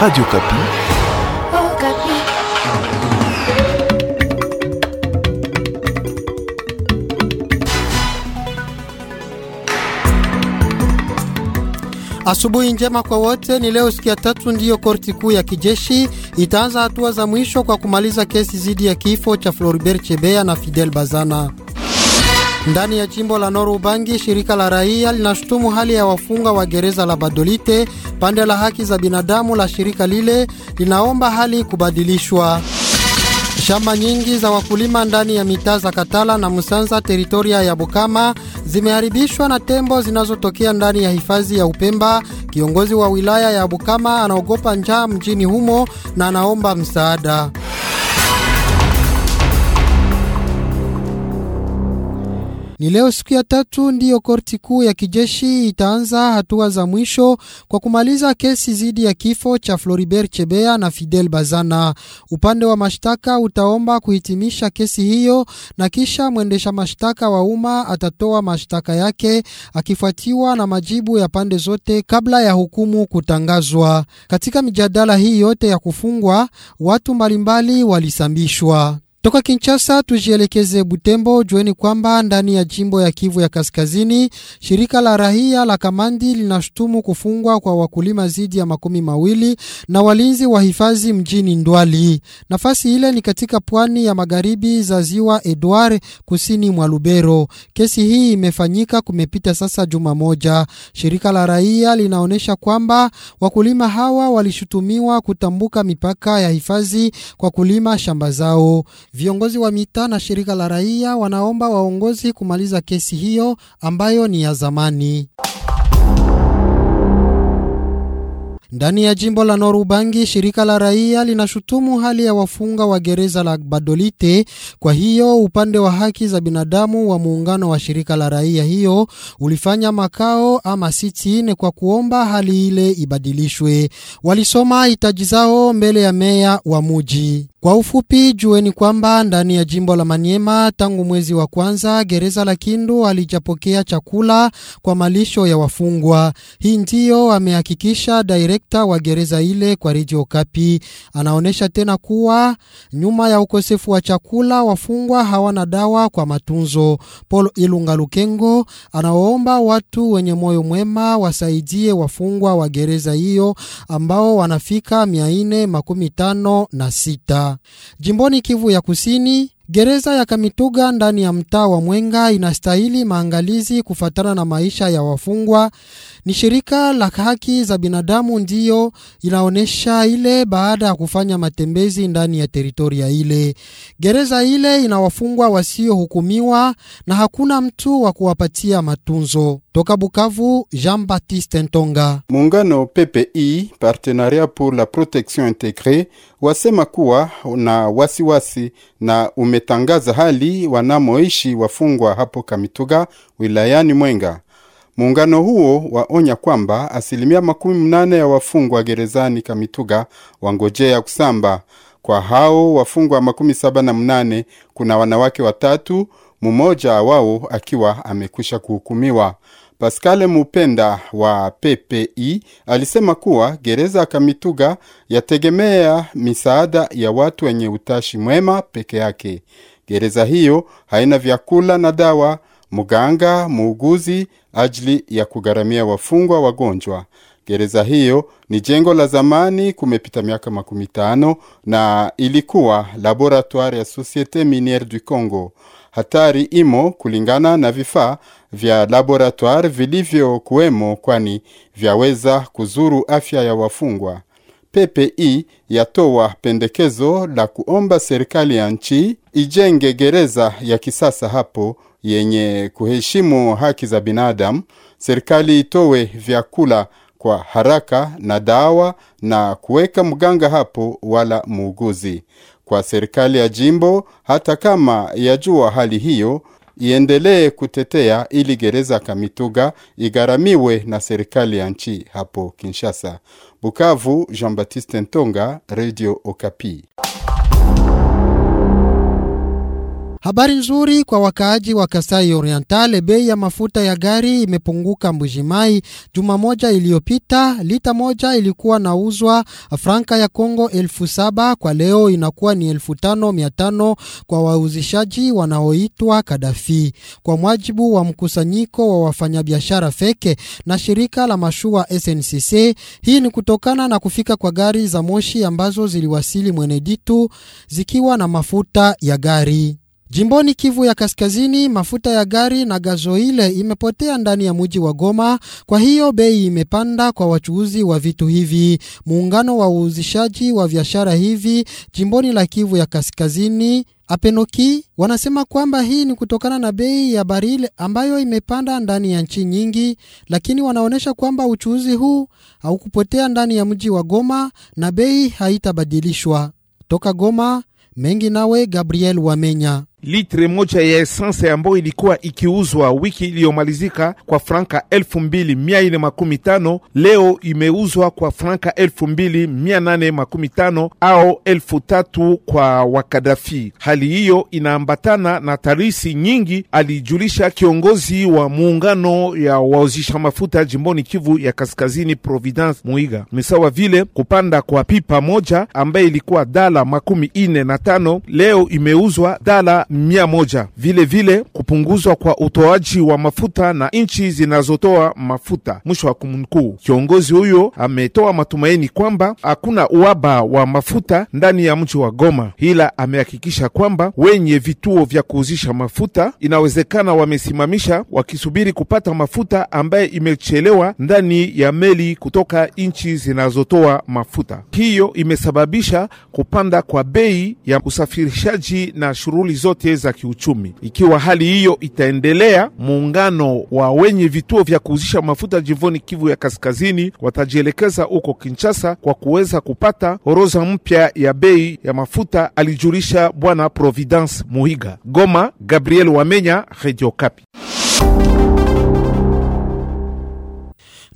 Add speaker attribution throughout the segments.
Speaker 1: Radio Kapi. Oh,
Speaker 2: Kapi.
Speaker 3: Asubuhi njema kwa wote. Ni leo siku ya tatu ndiyo korti kuu ya kijeshi itaanza hatua za mwisho kwa kumaliza kesi dhidi ya kifo cha Floribert chebea na Fidel Bazana. Ndani ya jimbo la Nord shirika la raia linashutumu hali ya wafunga wa gereza la Badolite. Pande la haki za binadamu la shirika lile linaomba hali kubadilishwa. Shamba nyingi za wakulima ndani ya mitaa za Katala na Musanza, teritoria ya Bukama, zimeharibishwa na tembo zinazotokea ndani ya hifadhi ya Upemba. Kiongozi wa wilaya ya Bukama anaogopa njaa mjini humo na anaomba msaada. Ni leo siku ya tatu ndiyo korti kuu ya kijeshi itaanza hatua za mwisho kwa kumaliza kesi dhidi ya kifo cha Floribert Chebea na Fidel Bazana. Upande wa mashtaka utaomba kuhitimisha kesi hiyo na kisha mwendesha mashtaka wa umma atatoa mashtaka yake akifuatiwa na majibu ya pande zote kabla ya hukumu kutangazwa. Katika mijadala hii yote ya kufungwa, watu mbalimbali walisambishwa. Toka Kinshasa tujielekeze Butembo. Jueni kwamba ndani ya jimbo ya Kivu ya Kaskazini, shirika la rahia la Kamandi linashutumu kufungwa kwa wakulima zidi ya makumi mawili na walinzi wa hifadhi mjini Ndwali. Nafasi ile ni katika pwani ya magharibi za ziwa Edward, kusini mwa Lubero. Kesi hii imefanyika kumepita sasa juma moja. Shirika la raia linaonyesha kwamba wakulima hawa walishutumiwa kutambuka mipaka ya hifadhi kwa kulima shamba zao. Viongozi wa mitaa na shirika la raia wanaomba waongozi kumaliza kesi hiyo ambayo ni ya zamani. Ndani ya jimbo la Norubangi, shirika la raia linashutumu hali ya wafunga wa gereza la Badolite. Kwa hiyo upande wa haki za binadamu wa muungano wa shirika la raia hiyo ulifanya makao ama sitini kwa kuomba hali ile ibadilishwe. Walisoma hitaji zao mbele ya meya wa muji. Kwa ufupi, jueni kwamba ndani ya jimbo la Maniema tangu mwezi wa kwanza gereza la Kindu alijapokea chakula kwa malisho ya wafungwa. Hii ndiyo amehakikisha direct direkta wa gereza ile kwa Radio Kapi anaonyesha tena kuwa nyuma ya ukosefu wa chakula wafungwa hawana dawa kwa matunzo. Paul Ilunga Lukengo anawaomba watu wenye moyo mwema wasaidie wafungwa wa gereza hiyo ambao wanafika mia makumi tano na sita jimboni Kivu ya Kusini. Gereza ya Kamituga ndani ya mtaa wa Mwenga inastahili maangalizi kufatana na maisha ya wafungwa ni shirika la haki za binadamu ndiyo inaonyesha ile baada ya kufanya matembezi ndani ya teritoria ile. Gereza ile inawafungwa wasiohukumiwa na hakuna mtu wa kuwapatia matunzo. Toka Bukavu, Jean Baptiste Ntonga.
Speaker 2: Muungano PPI Partenariat pour la Protection Integree wasema kuwa na wasiwasi wasi na umetangaza hali wanamoishi wafungwa hapo Kamituga wilayani Mwenga. Muungano huo waonya kwamba asilimia makumi mnane ya wafungwa gerezani Kamituga wangojea kusamba. Kwa hao wafungwa makumi saba na mnane kuna wanawake watatu, mmoja wao akiwa amekwisha kuhukumiwa. paskale Mupenda wa PPI alisema kuwa gereza ya Kamituga yategemea misaada ya watu wenye utashi mwema peke yake. Gereza hiyo haina vyakula na dawa, muganga muuguzi ajili ya kugharamia wafungwa wagonjwa. Gereza hiyo ni jengo la zamani, kumepita miaka makumi tano na ilikuwa laboratoire ya Societe Miniere du Congo. Hatari imo kulingana na vifaa vya laboratoire vilivyokuwemo, kwani vyaweza kuzuru afya ya wafungwa. PPI e yatoa pendekezo la kuomba serikali ya nchi ijenge gereza ya kisasa hapo yenye kuheshimu haki za binadamu, serikali itowe vyakula kwa haraka na dawa na kuweka mganga hapo wala muuguzi. Kwa serikali ya jimbo, hata kama yajua hali hiyo, iendelee kutetea ili gereza Kamituga igharamiwe na serikali ya nchi hapo Kinshasa. Bukavu, Jean Baptiste Ntonga, Radio Okapi.
Speaker 3: Habari nzuri kwa wakaaji wa Kasai Oriental, bei ya mafuta ya gari imepunguka Mbujimai. Juma moja iliyopita lita moja ilikuwa nauzwa franka ya Kongo elfu saba kwa leo inakuwa ni elfu tano mia tano kwa wauzishaji wanaoitwa Kadafi, kwa mwajibu wa mkusanyiko wa wafanyabiashara feke na shirika la mashua SNCC. Hii ni kutokana na kufika kwa gari za moshi ambazo ziliwasili Mweneditu zikiwa na mafuta ya gari. Jimboni Kivu ya Kaskazini, mafuta ya gari na gazoile imepotea ndani ya mji wa Goma. Kwa hiyo bei imepanda kwa wachuuzi wa vitu hivi. Muungano wa uuzishaji wa biashara hivi jimboni la Kivu ya Kaskazini Apenoki wanasema kwamba hii ni kutokana na bei ya baril ambayo imepanda ndani ya nchi nyingi, lakini wanaonyesha kwamba uchuuzi huu haukupotea ndani ya mji wa Goma na bei haitabadilishwa. Toka Goma mengi nawe Gabriel Wamenya
Speaker 1: litre moja ya esanse ambayo ilikuwa ikiuzwa wiki iliyomalizika kwa franka elfu makumi tano leo imeuzwa kwa franka 2815 au elfu kwa Wakadafi. Hali hiyo inaambatana na tarisi nyingi, alijulisha kiongozi wa muungano ya wauzisha mafuta jimboni Kivu ya Kaskazini, Providence Muiga. Ni sawa vile kupanda kwa pipa moja ambaye ilikuwa dala makumi ine na tano leo imeuzwa dala mia moja. Vile vile kupunguzwa kwa utoaji wa mafuta na nchi zinazotoa mafuta. Mwisho wa kumnukuu. Kiongozi huyo ametoa matumaini kwamba hakuna uhaba wa mafuta ndani ya mji wa Goma, ila amehakikisha kwamba wenye vituo vya kuuzisha mafuta inawezekana wamesimamisha wakisubiri kupata mafuta ambaye imechelewa ndani ya meli kutoka nchi zinazotoa mafuta. Hiyo imesababisha kupanda kwa bei ya usafirishaji na shughuli zote kujitokeza kiuchumi. Ikiwa hali hiyo itaendelea, muungano wa wenye vituo vya kuuzisha mafuta jimboni Kivu ya Kaskazini watajielekeza huko Kinshasa kwa kuweza kupata orodha mpya ya bei ya mafuta, alijulisha Bwana Providence Muhiga. Goma, Gabriel Wamenya, Radio Kapi.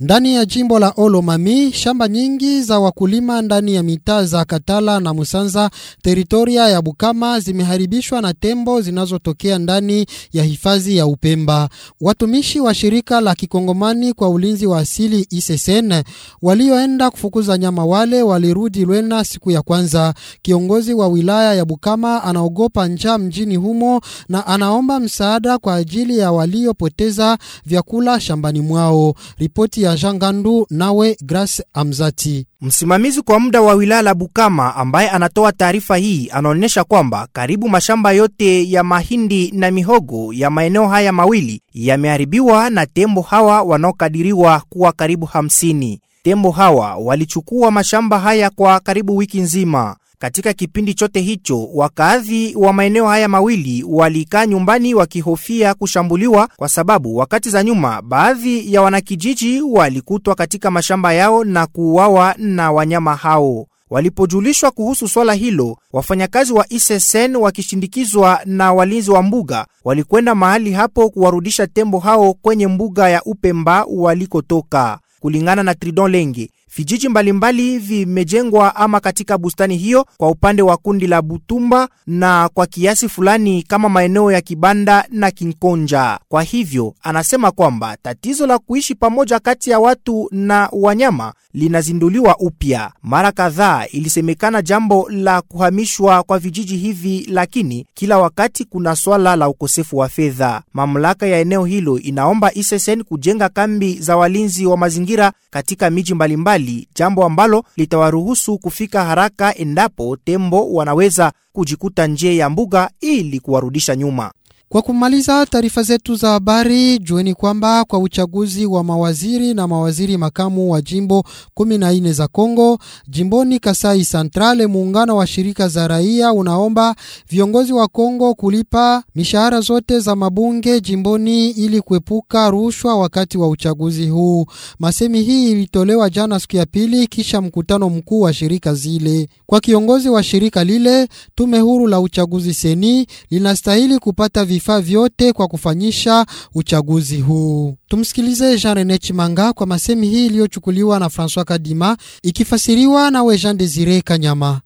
Speaker 3: Ndani ya jimbo la Olomami, shamba nyingi za wakulima ndani ya mitaa za Katala na Musanza, teritoria ya Bukama, zimeharibishwa na tembo zinazotokea ndani ya hifadhi ya Upemba. Watumishi wa shirika la kikongomani kwa ulinzi wa asili ISSN e walioenda kufukuza nyama wale walirudi Lwena siku ya kwanza. Kiongozi wa wilaya ya Bukama anaogopa njaa mjini humo na anaomba msaada kwa ajili ya waliopoteza
Speaker 4: vyakula shambani mwao. Ripoti ya Jean Gandu nawe Grace Amzati. Msimamizi kwa muda wa wilaya la Bukama ambaye anatoa taarifa hii anaonyesha kwamba karibu mashamba yote ya mahindi na mihogo ya maeneo haya mawili yameharibiwa na tembo hawa wanaokadiriwa kuwa karibu hamsini. Tembo hawa walichukua mashamba haya kwa karibu wiki nzima. Katika kipindi chote hicho, wakaadhi wa maeneo haya mawili walikaa nyumbani wakihofia kushambuliwa, kwa sababu wakati za nyuma baadhi ya wanakijiji walikutwa katika mashamba yao na kuuawa na wanyama hao. Walipojulishwa kuhusu swala hilo, wafanyakazi wa ISSN wakishindikizwa na walinzi wa mbuga walikwenda mahali hapo kuwarudisha tembo hao kwenye mbuga ya Upemba walikotoka. Kulingana na Tridon lenge Vijiji mbalimbali vimejengwa ama katika bustani hiyo kwa upande wa kundi la Butumba na kwa kiasi fulani kama maeneo ya Kibanda na Kinkonja. Kwa hivyo anasema kwamba tatizo la kuishi pamoja kati ya watu na wanyama linazinduliwa upya. Mara kadhaa ilisemekana jambo la kuhamishwa kwa vijiji hivi, lakini kila wakati kuna swala la ukosefu wa fedha. Mamlaka ya eneo hilo inaomba SSN kujenga kambi za walinzi wa mazingira katika miji mbalimbali mbali, jambo ambalo litawaruhusu kufika haraka endapo tembo wanaweza kujikuta nje ya mbuga ili kuwarudisha nyuma. Kwa kumaliza taarifa zetu za habari, jueni
Speaker 3: kwamba kwa uchaguzi wa mawaziri na mawaziri makamu wa jimbo 14 za Kongo, jimboni Kasai Centrale, muungano wa shirika za raia unaomba viongozi wa Kongo kulipa mishahara zote za mabunge jimboni ili kuepuka rushwa wakati wa uchaguzi huu. Masemi hii ilitolewa jana siku ya pili kisha mkutano mkuu wa shirika zile. Kwa kiongozi wa shirika lile, tume huru la uchaguzi seni linastahili kupata vifaa vyote kwa kufanyisha uchaguzi huu. Tumsikilize Jean Rene Chimanga kwa masemi hii iliyochukuliwa na Francois Kadima ikifasiriwa na jean Desire Kanyama.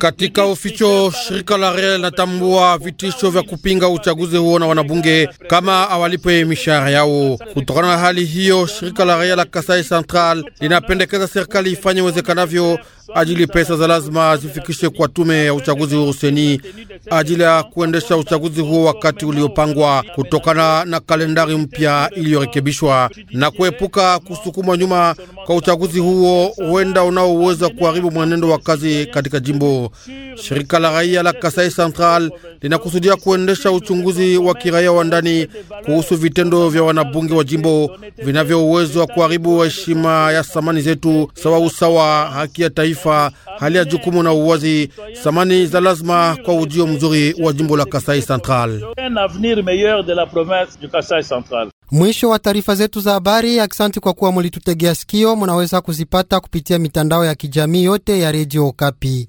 Speaker 2: Katika uficho shirika la REL natambua vitisho vya kupinga uchaguzi huo na wanabunge kama awalipwe mishahara yao. Kutokana na hali hiyo, shirika la REL la Kasai Central linapendekeza serikali ifanye uwezekanavyo ajili pesa za lazima zifikishe kwa tume ya uchaguzi huru seni ajili ya kuendesha uchaguzi huo wakati uliopangwa kutokana na kalendari mpya iliyorekebishwa na kuepuka kusukumwa nyuma kwa uchaguzi huo huenda unaoweza kuharibu mwenendo wa kazi katika jimbo. Shirika la raia la Kasai Central linakusudia kuendesha uchunguzi wa kiraia wa ndani kuhusu vitendo vya wanabunge wa jimbo vinavyo uwezo wa kuharibu heshima ya samani zetu sawa usawa, haki ya taifa, hali ya jukumu na uwazi, samani za lazima kwa ujio mzuri wa jimbo la Kasai Central.
Speaker 3: Mwisho wa taarifa zetu za habari. Aksanti kwa kuwa mulitutegea sikio. Munaweza kuzipata kupitia mitandao ya kijamii yote ya Redio Okapi.